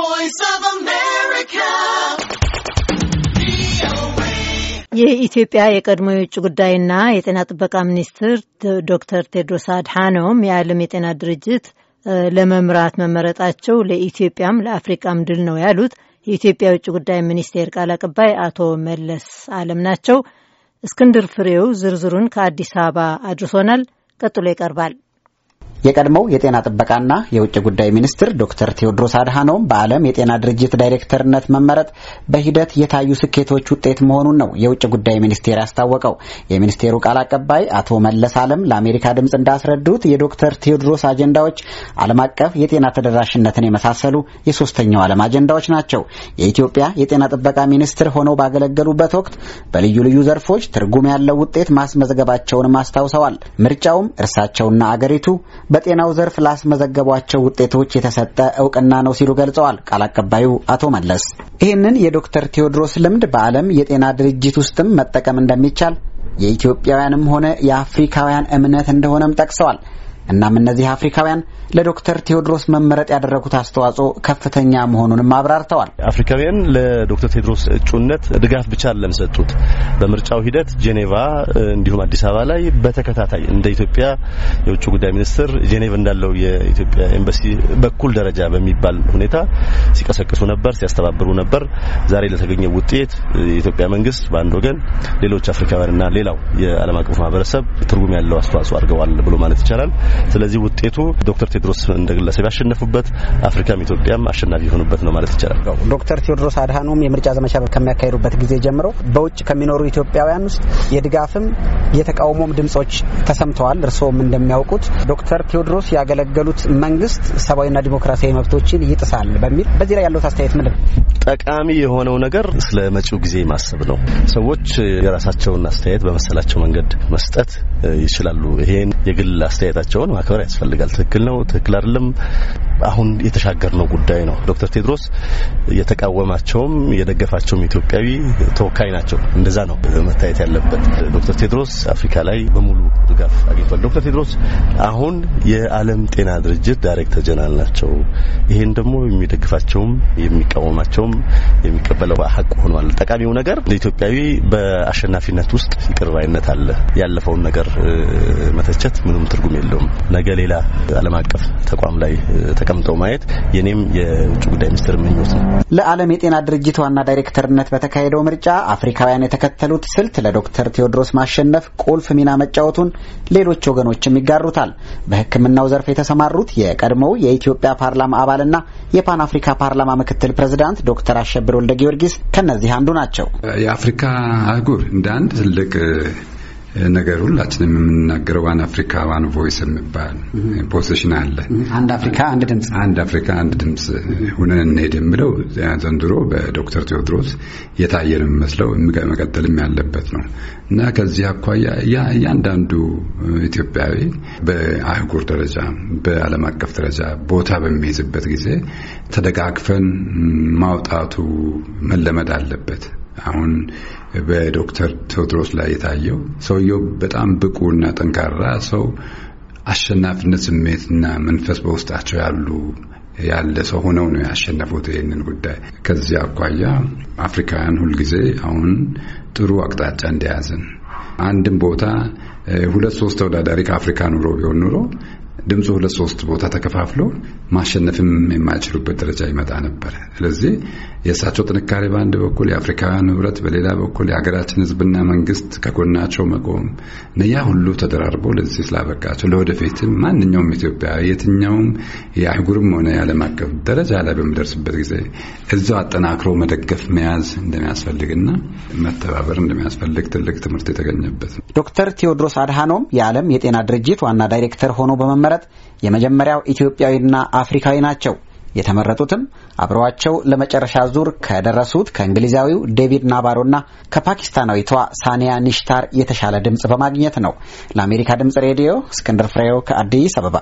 voice of America. የኢትዮጵያ የቀድሞ የውጭ ጉዳይና የጤና ጥበቃ ሚኒስትር ዶክተር ቴድሮስ አድሓኖም የዓለም የጤና ድርጅት ለመምራት መመረጣቸው ለኢትዮጵያም ለአፍሪቃም ድል ነው ያሉት የኢትዮጵያ የውጭ ጉዳይ ሚኒስቴር ቃል አቀባይ አቶ መለስ አለም ናቸው። እስክንድር ፍሬው ዝርዝሩን ከአዲስ አበባ አድርሶናል። ቀጥሎ ይቀርባል። የቀድሞው የጤና ጥበቃና የውጭ ጉዳይ ሚኒስትር ዶክተር ቴዎድሮስ አድሃኖም በዓለም የጤና ድርጅት ዳይሬክተርነት መመረጥ በሂደት የታዩ ስኬቶች ውጤት መሆኑን ነው የውጭ ጉዳይ ሚኒስቴር ያስታወቀው። የሚኒስቴሩ ቃል አቀባይ አቶ መለስ አለም ለአሜሪካ ድምፅ እንዳስረዱት የዶክተር ቴዎድሮስ አጀንዳዎች ዓለም አቀፍ የጤና ተደራሽነትን የመሳሰሉ የሶስተኛው ዓለም አጀንዳዎች ናቸው። የኢትዮጵያ የጤና ጥበቃ ሚኒስትር ሆነው ባገለገሉበት ወቅት በልዩ ልዩ ዘርፎች ትርጉም ያለው ውጤት ማስመዝገባቸውንም አስታውሰዋል። ምርጫውም እርሳቸውና አገሪቱ በጤናው ዘርፍ ላስመዘገቧቸው ውጤቶች የተሰጠ እውቅና ነው ሲሉ ገልጸዋል ቃል አቀባዩ አቶ መለስ። ይህንን የዶክተር ቴዎድሮስ ልምድ በዓለም የጤና ድርጅት ውስጥም መጠቀም እንደሚቻል የኢትዮጵያውያንም ሆነ የአፍሪካውያን እምነት እንደሆነም ጠቅሰዋል። እናም እነዚህ አፍሪካውያን ለዶክተር ቴዎድሮስ መመረጥ ያደረጉት አስተዋጽኦ ከፍተኛ መሆኑንም አብራርተዋል። አፍሪካውያን ለዶክተር ቴዎድሮስ እጩነት ድጋፍ ብቻ አለም ሰጡት። በምርጫው ሂደት ጄኔቫ እንዲሁም አዲስ አበባ ላይ በተከታታይ እንደ ኢትዮጵያ የውጭ ጉዳይ ሚኒስትር ጄኔቭ እንዳለው የኢትዮጵያ ኤምባሲ በኩል ደረጃ በሚባል ሁኔታ ሲቀሰቅሱ ነበር፣ ሲያስተባብሩ ነበር። ዛሬ ለተገኘው ውጤት የኢትዮጵያ መንግስት በአንድ ወገን፣ ሌሎች አፍሪካውያንና ሌላው የዓለም አቀፍ ማህበረሰብ ትርጉም ያለው አስተዋጽኦ አድርገዋል ብሎ ማለት ይቻላል። ስለዚህ ውጤቱ ዶክተር ቴድሮስ እንደ ግለሰብ ያሸነፉበት፣ አፍሪካም ኢትዮጵያም አሸናፊ የሆኑበት ነው ማለት ይቻላል። ዶክተር ቴዎድሮስ አድሃኖም የምርጫ ዘመቻ ከሚያካሂዱበት ጊዜ ጀምሮ በውጭ ከሚኖሩ ኢትዮጵያውያን ውስጥ የድጋፍም የተቃውሞም ድምጾች ተሰምተዋል። እርስዎም እንደሚያውቁት ዶክተር ቴዎድሮስ ያገለገሉት መንግስት ሰብአዊና ዲሞክራሲያዊ መብቶችን ይጥሳል በሚል በዚህ ላይ ያለው አስተያየት ምንድን ነው? ጠቃሚ የሆነው ነገር ስለ መጪው ጊዜ ማሰብ ነው። ሰዎች የራሳቸውን አስተያየት በመሰላቸው መንገድ መስጠት ይችላሉ። ይሄን የግል አስተያየታቸውን ማክበር ያስፈልጋል። ትክክል ነው፣ ትክክል አይደለም አሁን የተሻገርነው ጉዳይ ነው። ዶክተር ቴድሮስ የተቃወማቸውም የደገፋቸውም ኢትዮጵያዊ ተወካይ ናቸው። እንደዛ ነው መታየት ያለበት። ዶክተር ቴድሮስ አፍሪካ ላይ በሙሉ ድጋፍ አግኝቷል። ዶክተር ቴድሮስ አሁን የዓለም ጤና ድርጅት ዳይሬክተር ጀነራል ናቸው። ይሄን ደግሞ የሚደግፋቸውም የሚቃወማቸውም የሚቀበለው ሀቅ ሆኗል። ጠቃሚው ነገር ለኢትዮጵያዊ በአሸናፊነት ውስጥ ይቅርባይነት አለ። ያለፈውን ነገር መተቸት ምንም ትርጉም የለውም። ነገ ሌላ ዓለም አቀፍ ተቋም ላይ ተቀምጠው ማየት የኔም የውጭ ጉዳይ ሚኒስትር ምኞት ነው። ለዓለም የጤና ድርጅት ዋና ዳይሬክተርነት በተካሄደው ምርጫ አፍሪካውያን የተከተሉት ስልት ለዶክተር ቴዎድሮስ ማሸነፍ ቁልፍ ሚና መጫወቱን ሌሎች ወገኖችም ይጋሩታል። በሕክምናው ዘርፍ የተሰማሩት የቀድሞው የኢትዮጵያ ፓርላማ አባልና የፓን አፍሪካ ፓርላማ ምክትል ፕሬዚዳንት ዶክተር አሸብር ወልደ ጊዮርጊስ ከእነዚህ አንዱ ናቸው። የአፍሪካ አህጉር እንደ አንድ ትልቅ ነገር ሁላችንም የምንናገረው ዋን አፍሪካ ዋን ቮይስ የሚባል ፖዚሽን አለ። አንድ አፍሪካ አንድ ድምፅ፣ አንድ አፍሪካ አንድ ድምፅ ሁነን እንሄድ የምለው ዘንድሮ በዶክተር ቴዎድሮስ የታየ ነው የሚመስለው መቀጠልም ያለበት ነው እና ከዚህ አኳያ እያንዳንዱ ኢትዮጵያዊ በአህጉር ደረጃ በዓለም አቀፍ ደረጃ ቦታ በሚይዝበት ጊዜ ተደጋግፈን ማውጣቱ መለመድ አለበት። አሁን በዶክተር ቴዎድሮስ ላይ የታየው ሰውየው በጣም ብቁ እና ጠንካራ ሰው አሸናፊነት ስሜትና መንፈስ በውስጣቸው ያሉ ያለ ሰው ሆነው ነው ያሸነፉት ይህንን ጉዳይ። ከዚህ አኳያ አፍሪካውያን ሁልጊዜ አሁን ጥሩ አቅጣጫ እንደያዝን አንድም ቦታ ሁለት ሶስት ተወዳዳሪ ከአፍሪካ ኑሮ ቢሆን ኑሮ ድምፁ ሁለት ሶስት ቦታ ተከፋፍሎ ማሸነፍም የማይችሉበት ደረጃ ይመጣ ነበር። ስለዚህ የእሳቸው ጥንካሬ በአንድ በኩል፣ የአፍሪካውያን ህብረት በሌላ በኩል፣ የሀገራችን ህዝብና መንግስት ከጎናቸው መቆም ነያ ሁሉ ተደራርቦ ለዚህ ስላበቃቸው ለወደፊትም ማንኛውም ኢትዮጵያ የትኛውም የአህጉርም ሆነ የዓለም አቀፍ ደረጃ ላይ በሚደርስበት ጊዜ እዛው አጠናክሮ መደገፍ መያዝ እንደሚያስፈልግና መተባበር እንደሚያስፈልግ ትልቅ ትምህርት የተገኘበት ዶክተር ቴዎድሮስ አድሃኖም የዓለም የጤና ድርጅት ዋና ዳይሬክተር ሆኖ በመ በመመረጥ የመጀመሪያው ኢትዮጵያዊና አፍሪካዊ ናቸው። የተመረጡትም አብረዋቸው ለመጨረሻ ዙር ከደረሱት ከእንግሊዛዊው ዴቪድ ናባሮና ከፓኪስታናዊቷ ሳኒያ ኒሽታር የተሻለ ድምፅ በማግኘት ነው። ለአሜሪካ ድምፅ ሬዲዮ እስክንድር ፍሬው ከአዲስ አበባ